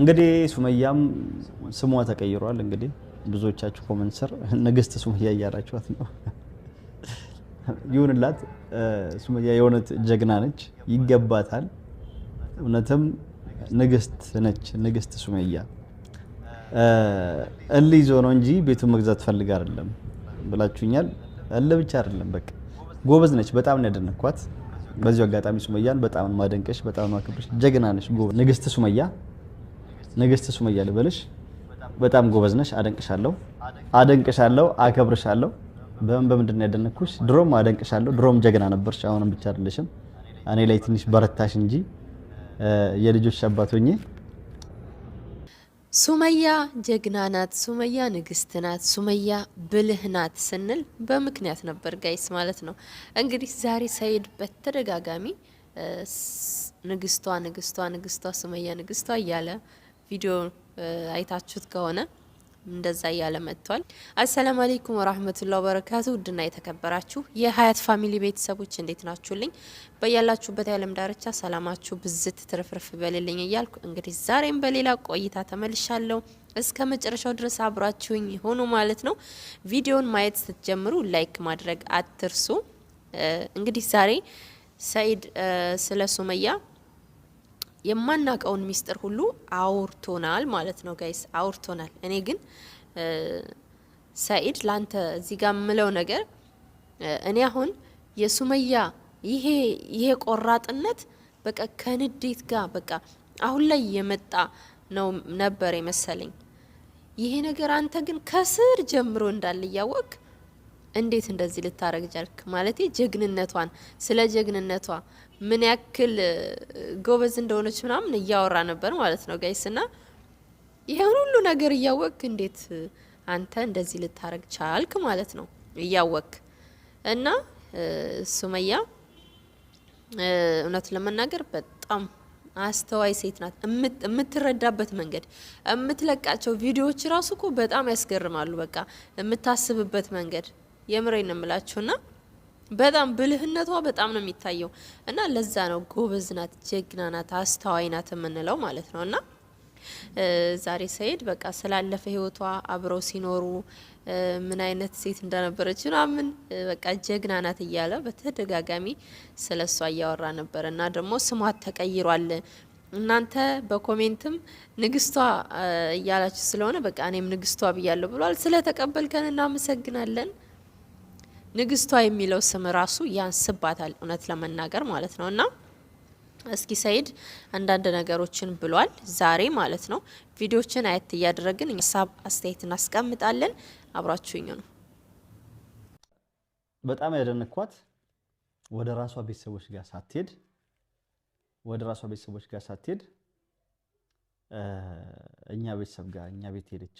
እንግዲህ ሱመያም ስሟ ተቀይሯል። እንግዲህ ብዙዎቻችሁ ኮመንት ስር ንግስት ሱመያ እያላችኋት ነው። ይሁንላት። ሱመያ የእውነት ጀግና ነች፣ ይገባታል። እውነትም ንግስት ነች። ንግስት ሱመያ እል ይዞ ነው እንጂ ቤቱን መግዛት ፈልግ አይደለም ብላችሁኛል። እል ብቻ አይደለም፣ በቃ ጎበዝ ነች። በጣም ነው ያደነኳት። በዚሁ አጋጣሚ ሱመያን በጣም ማደንቀሽ፣ በጣም ማክብርሽ፣ ጀግና ነች። ንግስት ሱመያ ንግስት ሱመያ ልበልሽ። በጣም ጎበዝ ነሽ፣ አደንቅሻለሁ፣ አደንቅሻለሁ፣ አከብርሻለሁ። በምን በምንድን ነው ያደነኩሽ? ድሮም አደንቅሻለሁ፣ ድሮም ጀግና ነበርሽ። አሁንም ብቻ አይደለሽም፣ እኔ ላይ ትንሽ በረታሽ እንጂ የልጆች አባት ሆኜ ሱመያ ጀግና ናት፣ ሱመያ ንግስት ናት፣ ሱመያ ብልህ ናት ስንል በምክንያት ነበር ጋይስ ማለት ነው። እንግዲህ ዛሬ ሰይድ በተደጋጋሚ ንግስቷ ንግስቷ ንግስቷ ሱመያ ንግስቷ እያለ ቪዲዮ አይታችሁት ከሆነ እንደዛ እያለ መጥቷል። አሰላሙ አሌይኩም ወራህመቱላ ወበረካቱ። ውድና የተከበራችሁ የሀያት ፋሚሊ ቤተሰቦች እንዴት ናችሁልኝ? በያላችሁበት የዓለም ዳርቻ ሰላማችሁ ብዝት ትርፍርፍ በልልኝ እያልኩ እንግዲህ ዛሬም በሌላ ቆይታ ተመልሻለሁ። እስከ መጨረሻው ድረስ አብራችሁኝ ሆኑ ማለት ነው። ቪዲዮን ማየት ስትጀምሩ ላይክ ማድረግ አትርሱ። እንግዲህ ዛሬ ሰኢድ ስለ ሱመያ የማናቀውን ሚስጥር ሁሉ አውርቶናል ማለት ነው ጋይስ፣ አውርቶናል። እኔ ግን ሰኢድ ላንተ እዚህ ጋር የምለው ነገር እኔ አሁን የሱመያ ይሄ ይሄ ቆራጥነት በቃ ከንዴት ጋር በቃ አሁን ላይ የመጣ ነው ነበር የመሰለኝ ይሄ ነገር። አንተ ግን ከስር ጀምሮ እንዳለ እያወቅ እንዴት እንደዚህ ልታረግ ጀርክ? ማለት ጀግንነቷን ስለ ጀግንነቷ ምን ያክል ጎበዝ እንደሆነች ምናምን እያወራ ነበር ማለት ነው ጋይስ። ና ይህን ሁሉ ነገር እያወቅ እንዴት አንተ እንደዚህ ልታረግ ቻልክ ማለት ነው እያወቅ እና ሱመያ እውነት ለመናገር በጣም አስተዋይ ሴት ናት። የምትረዳበት መንገድ የምትለቃቸው ቪዲዮዎች ራሱ እኮ በጣም ያስገርማሉ። በቃ የምታስብበት መንገድ የምሬ ነው የምላችሁና በጣም ብልህነቷ በጣም ነው የሚታየው እና ለዛ ነው ጎበዝ ናት፣ ጀግና ናት፣ አስተዋይ ናት የምንለው ማለት ነው እና ዛሬ ሰኢድ በቃ ስላለፈ ህይወቷ አብረው ሲኖሩ ምን አይነት ሴት እንደነበረች ምናምን በቃ ጀግና ናት እያለ በተደጋጋሚ ስለ እሷ እያወራ ነበር እና ደግሞ ስሟት ተቀይሯል። እናንተ በኮሜንትም ንግስቷ እያላችሁ ስለሆነ በቃ እኔም ንግስቷ ብያለሁ ብሏል። ስለተቀበልከን እናመሰግናለን። ንግስቷ የሚለው ስም ራሱ ያንስባታል፣ እውነት ለመናገር ማለት ነው። እና እስኪ ሰይድ አንዳንድ ነገሮችን ብሏል ዛሬ ማለት ነው። ቪዲዮችን አየት እያደረግን ሀሳብ አስተያየት እናስቀምጣለን። አብራችሁኝ ነው። በጣም ያደነኳት ወደ ራሷ ቤተሰቦች ጋር ሳትሄድ ወደ ራሷ ቤተሰቦች ጋር ሳትሄድ እኛ ቤተሰብ ጋር እኛ ቤት ሄደች።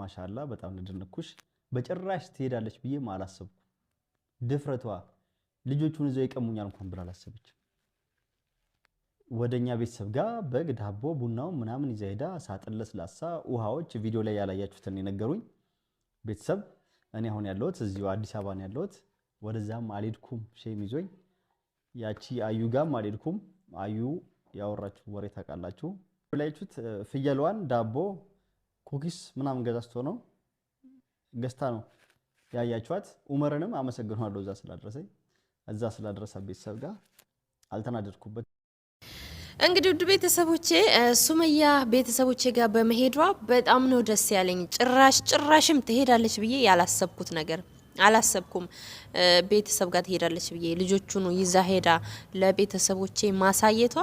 ማሻላ በጣም ደነኩሽ። በጭራሽ ትሄዳለች ብዬም አላሰብኩም። ድፍረቷ ልጆቹን ይዘው ይቀሙኛል እንኳን ብላ አላሰበች። ወደ ቤተሰብ ጋር በግ ዳቦ ቡናው ምናምን ይዛ ሄዳ ሳጥን ለስላሳ ውሃዎች፣ ቪዲዮ ላይ ያላያችሁትን የነገሩኝ ቤተሰብ። እኔ አሁን ያለሁት እዚሁ አዲስ አበባ ነው ያለሁት። ወደዛም አልሄድኩም፣ ሼም ይዞኝ። ያቺ አዩ ጋም አልሄድኩም። አዩ ያወራችሁ ወሬ ታውቃላችሁ። ላያችሁት ፍየሏን ዳቦ ኩኪስ ምናምን ገዛዝቶ ነው ገዝታ ነው ያያችኋት። ኡመርንም አመሰግነዋለሁ እዛ ስላደረሰኝ እዛ ስላደረሰ ቤተሰብ ጋር አልተናደድኩበት። እንግዲህ ውድ ቤተሰቦቼ ሱመያ ቤተሰቦቼ ጋር በመሄዷ በጣም ነው ደስ ያለኝ። ጭራሽ ጭራሽም ትሄዳለች ብዬ ያላሰብኩት ነገር አላሰብኩም። ቤተሰብ ጋር ትሄዳለች ብዬ ልጆቹን ይዛ ሄዳ ለቤተሰቦቼ ማሳየቷ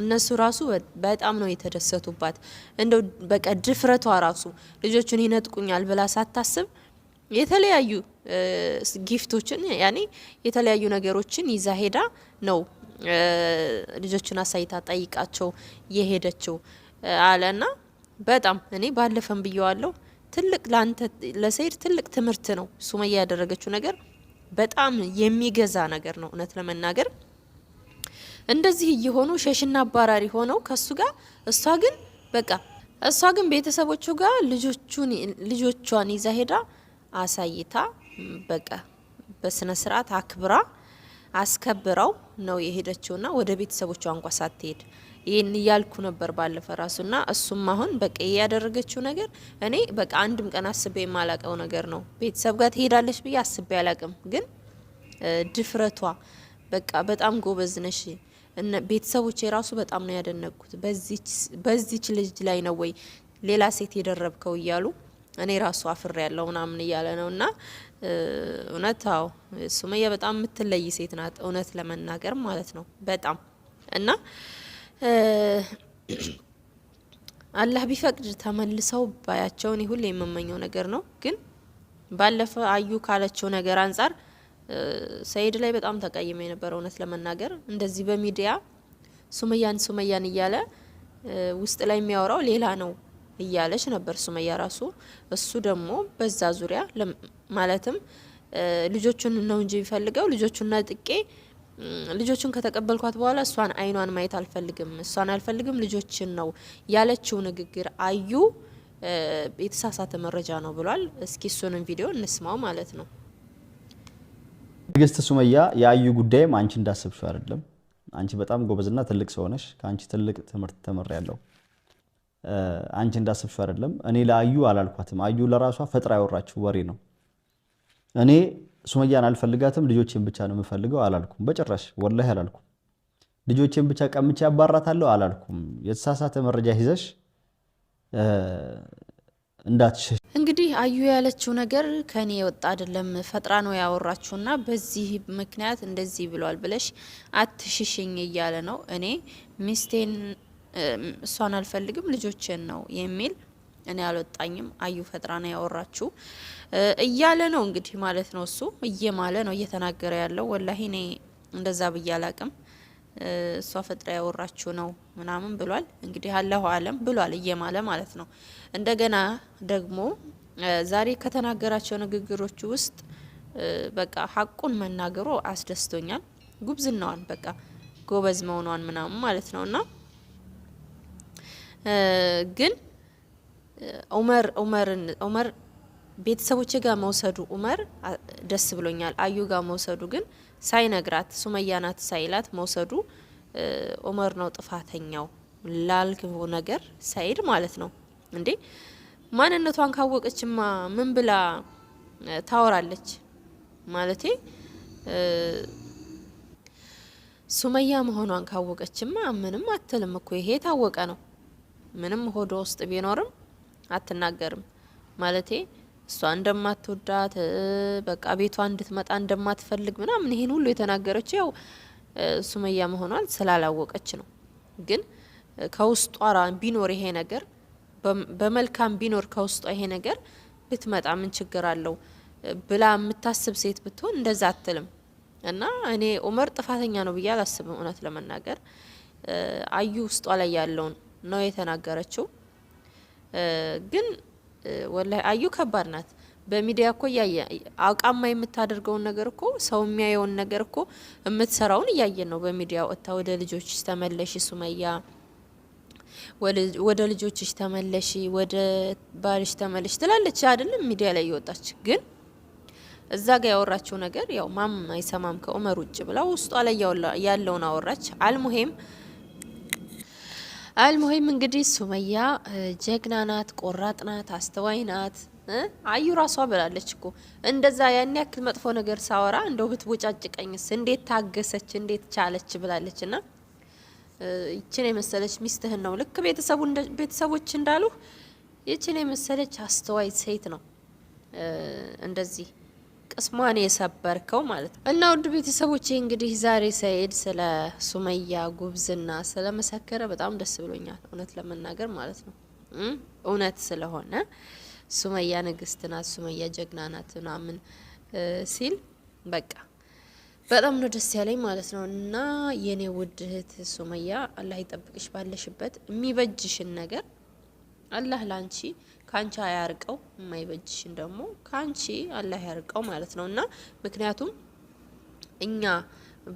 እነሱ ራሱ በጣም ነው የተደሰቱባት። እንደው በቃ ድፍረቷ ራሱ ልጆቹን ይነጥቁኛል ብላ ሳታስብ የተለያዩ ጊፍቶችን ያኔ የተለያዩ ነገሮችን ይዛ ሄዳ ነው ልጆቹን አሳይታ ጠይቃቸው የሄደችው አለና በጣም እኔ ባለፈን ብየዋለሁ። ትልቅ ለአንተ ለሰይድ ትልቅ ትምህርት ነው ሱመያ ያደረገችው ነገር በጣም የሚገዛ ነገር ነው። እውነት ለመናገር እንደዚህ እየሆኑ ሸሽና አባራሪ ሆነው ከሱ ጋር እሷ ግን በቃ እሷ ግን ቤተሰቦቹ ጋር ልጆቹን ልጆቿን ይዛ ሄዳ አሳይታ በቃ በስነ ስርዓት አክብራ አስከብረው ነው የሄደችውና ወደ ቤተሰቦቿ እንኳ ሳትሄድ ይህን እያልኩ ነበር ባለፈ ራሱና እሱም አሁን በቃ ያደረገችው ነገር እኔ በቃ አንድም ቀን አስቤ የማላቀው ነገር ነው። ቤተሰብ ጋር ትሄዳለች ብዬ አስቤ አላቅም። ግን ድፍረቷ በቃ በጣም ጎበዝ ነሽ። ቤተሰቦች የራሱ በጣም ነው ያደነቁት በዚች ልጅ ላይ ነው ወይ ሌላ ሴት የደረብከው እያሉ እኔ ራሱ አፍሬ ያለው ምናምን እያለ ነው እና እውነት አዎ ሱመያ በጣም የምትለይ ሴት ናት፣ እውነት ለመናገር ማለት ነው በጣም እና አላህ ቢፈቅድ ተመልሰው ባያቸው እኔ ሁሌ የምመኘው ነገር ነው። ግን ባለፈ አዩ ካለችው ነገር አንጻር ሰይድ ላይ በጣም ተቀይሜ የነበረ እውነት ለመናገር እንደዚህ በሚዲያ ሱመያን ሱመያን እያለ ውስጥ ላይ የሚያወራው ሌላ ነው እያለች ነበር ሱመያ ራሱ። እሱ ደግሞ በዛ ዙሪያ ማለትም ልጆቹን ነው እንጂ የሚፈልገው ልጆቹና ጥቄ ልጆቹን ከተቀበልኳት በኋላ እሷን አይኗን ማየት አልፈልግም፣ እሷን አልፈልግም፣ ልጆችን ነው ያለችው ንግግር አዩ የተሳሳተ መረጃ ነው ብሏል። እስኪ እሱንም ቪዲዮ እንስማው ማለት ነው። ንግስት ሱመያ የአዩ ጉዳይም አንቺ እንዳሰብሽው አይደለም። አንቺ በጣም ጎበዝና ትልቅ ሰው ነሽ። ከአንቺ ትልቅ ትምህርት ተምሬያለሁ። አንቺ እንዳስብሽው አይደለም። እኔ ለአዩ አላልኳትም። አዩ ለራሷ ፈጥራ ያወራችው ወሬ ነው። እኔ ሱመያን አልፈልጋትም ልጆቼን ብቻ ነው የምፈልገው አላልኩም። በጭራሽ ወላሂ አላልኩም። ልጆቼን ብቻ ቀምቼ ያባራታለሁ አላልኩም። የተሳሳተ መረጃ ይዘሽ እንዳትሸሽ። እንግዲህ አዩ ያለችው ነገር ከኔ የወጣ አይደለም፣ ፈጥራ ነው ያወራችሁና በዚህ ምክንያት እንደዚህ ብሏል ብለሽ አትሽሽኝ እያለ ነው እኔ ሚስቴን እሷን አልፈልግም ልጆችን ነው የሚል እኔ አልወጣኝም አዩ ፈጥራና ያወራችሁ እያለ ነው እንግዲህ ማለት ነው። እሱ እየማለ ነው እየተናገረ ያለው ወላሂ እኔ እንደዛ ብዬ አላቅም እሷ ፈጥራ ያወራችሁ ነው ምናምን ብሏል። እንግዲህ አለሁ አለም ብሏል እየማለ ማለት ነው። እንደገና ደግሞ ዛሬ ከተናገራቸው ንግግሮች ውስጥ በቃ ሀቁን መናገሩ አስደስቶኛል። ጉብዝናዋን በቃ ጎበዝ መሆኗን ምናምን ማለት ነውና ግን ኡመር ኡመርን ኡመር ቤተሰቦቼ ጋር መውሰዱ ኡመር ደስ ብሎኛል። አዩ ጋር መውሰዱ ግን ሳይነግራት ሱመያ ሳይላት መውሰዱ ኡመር ነው ጥፋተኛው ላልክ ነገር ሳይድ ማለት ነው እንዴ። ማንነቷን ካወቀችማ ምን ብላ ታወራለች? ማለቴ ሱመያ መሆኗን ካወቀችማ ምንም አትልም እኮ ይሄ የታወቀ ነው። ምንም ሆዶ ውስጥ ቢኖርም አትናገርም። ማለቴ እሷ እንደማትወዳት በቃ ቤቷ እንድትመጣ እንደማትፈልግ ምናምን ይሄን ሁሉ የተናገረችው ያው ሱመያ መሆኗን ስላላወቀች ነው። ግን ከውስጧ ቢኖር ይሄ ነገር በመልካም ቢኖር ከውስጧ ይሄ ነገር ብትመጣ ምን ችግር አለው ብላ የምታስብ ሴት ብትሆን እንደዛ አትልም። እና እኔ ኡመር ጥፋተኛ ነው ብዬ አላስብም። እውነት ለመናገር አዩ ውስጧ ላይ ያለውን ነው የተናገረችው። ግን ወላ አዩ ከባድ ናት። በሚዲያ እኮ እያየ አቃማ የምታደርገውን ነገር እኮ ሰው የሚያየውን ነገር እኮ የምትሰራውን እያየን ነው። በሚዲያ ወጥታ ወደ ልጆች ተመለሽ ሱመያ፣ ወደ ልጆችሽ ተመለሽ፣ ወደ ባልሽ ተመለሽ ትላለች አይደለም? ሚዲያ ላይ እየወጣች ግን እዛ ጋር ያወራችው ነገር ያው ማም አይሰማም ከኦመር ውጭ ብላ ውስጧ ላይ ያለውን አወራች። አልሙሄም አልሙሂም እንግዲህ ሱመያ ጀግና ናት፣ ቆራጥ ናት፣ አስተዋይ ናት። አዩ ራሷ ብላለች እኮ እንደዛ ያን ያክል መጥፎ ነገር ሳወራ እንደው ብትቦጫጭቀኝስ እንዴት ታገሰች እንዴት ቻለች ብላለች። እና ይችን የመሰለች ሚስትህን ነው ልክ ቤተሰቦች እንዳሉ ይችን የመሰለች አስተዋይ ሴት ነው እንደዚህ ቅስሟን የሰበርከው ማለት ነው። እና ውድ ቤተሰቦች እንግዲህ ዛሬ ሰኢድ ስለ ሱመያ ጉብዝና ስለመሰከረ በጣም ደስ ብሎኛል፣ እውነት ለመናገር ማለት ነው። እውነት ስለሆነ ሱመያ ንግስት ናት፣ ሱመያ ጀግና ናት ምናምን ሲል በቃ በጣም ነው ደስ ያለኝ ማለት ነው። እና የኔ ውድ እህት ሱመያ አላህ ይጠብቅሽ ባለሽበት የሚበጅሽን ነገር አላህ ላንቺ ከአንቺ አያርቀው የማይበጅሽን ደግሞ ከአንቺ አላህ ያርቀው ማለት ነው እና ምክንያቱም እኛ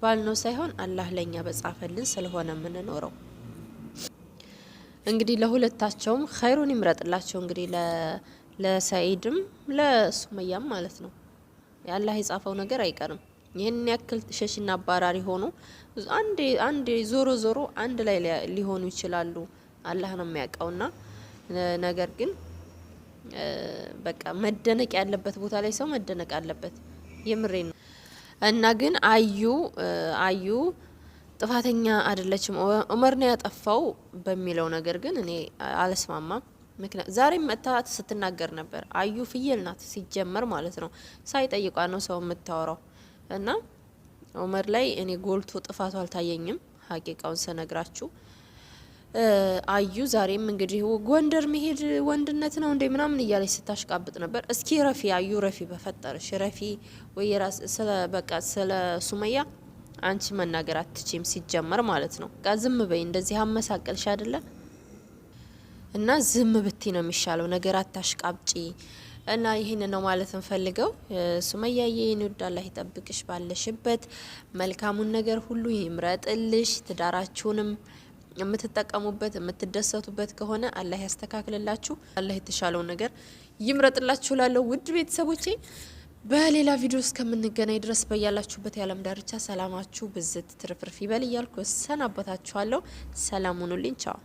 ባልነው ሳይሆን አላህ ለእኛ በጻፈልን ስለሆነ የምንኖረው። እንግዲህ ለሁለታቸውም ኸይሩን ይምረጥላቸው። እንግዲህ ለሰኢድም ለሱመያም ማለት ነው። አላህ የጻፈው ነገር አይቀርም። ይህን ያክል ሸሽና አባራሪ ሆኖ አንድ ዞሮ ዞሮ አንድ ላይ ሊሆኑ ይችላሉ። አላህ ነው የሚያውቀውና ነገር ግን በቃ መደነቅ ያለበት ቦታ ላይ ሰው መደነቅ አለበት። የምሬ ነው እና ግን አዩ አዩ ጥፋተኛ አይደለችም ኡመር ነው ያጠፋው በሚለው ነገር ግን እኔ አልስማማም። ምክንያት ዛሬም መታ ስትናገር ነበር። አዩ ፍየል ናት ሲጀመር ማለት ነው። ሳይጠይቋ ነው ሰው የምታወራው እና ኡመር ላይ እኔ ጎልቶ ጥፋቱ አልታየኝም ሀቂቃውን ስነግራችሁ አዩ ዛሬም እንግዲህ ጎንደር መሄድ ወንድነት ነው እንዴ ምናምን እያለች ስታሽቃብጥ ነበር። እስኪ ረፊ አዩ ረፊ በፈጠርሽ ረፊ ወይ ራስ ስለ በቃ ስለ ሱመያ አንቺ መናገር አትችም ሲጀመር ማለት ነው። በቃ ዝም በይ እንደዚህ አመሳቀልሽ አይደለ እና ዝም ብቲ ነው የሚሻለው ነገር አታሽቃብጪ። እና ይህን ነው ማለት እንፈልገው። ሱመያዬ የኔ ውድ ይጠብቅሽ፣ ባለሽበት መልካሙን ነገር ሁሉ ይምረጥልሽ ትዳራችሁንም የምትጠቀሙበት የምትደሰቱበት ከሆነ አላህ ያስተካክልላችሁ፣ አላህ የተሻለው ነገር ይምረጥላችሁ። ላለው ውድ ቤተሰቦቼ በሌላ ቪዲዮ እስከምንገናኝ ድረስ በያላችሁበት የዓለም ዳርቻ ሰላማችሁ ብዝት ትርፍርፍ ይበል እያልኩ እሰናበታችኋለሁ። ሰላም ሁኑልኝ። ቻው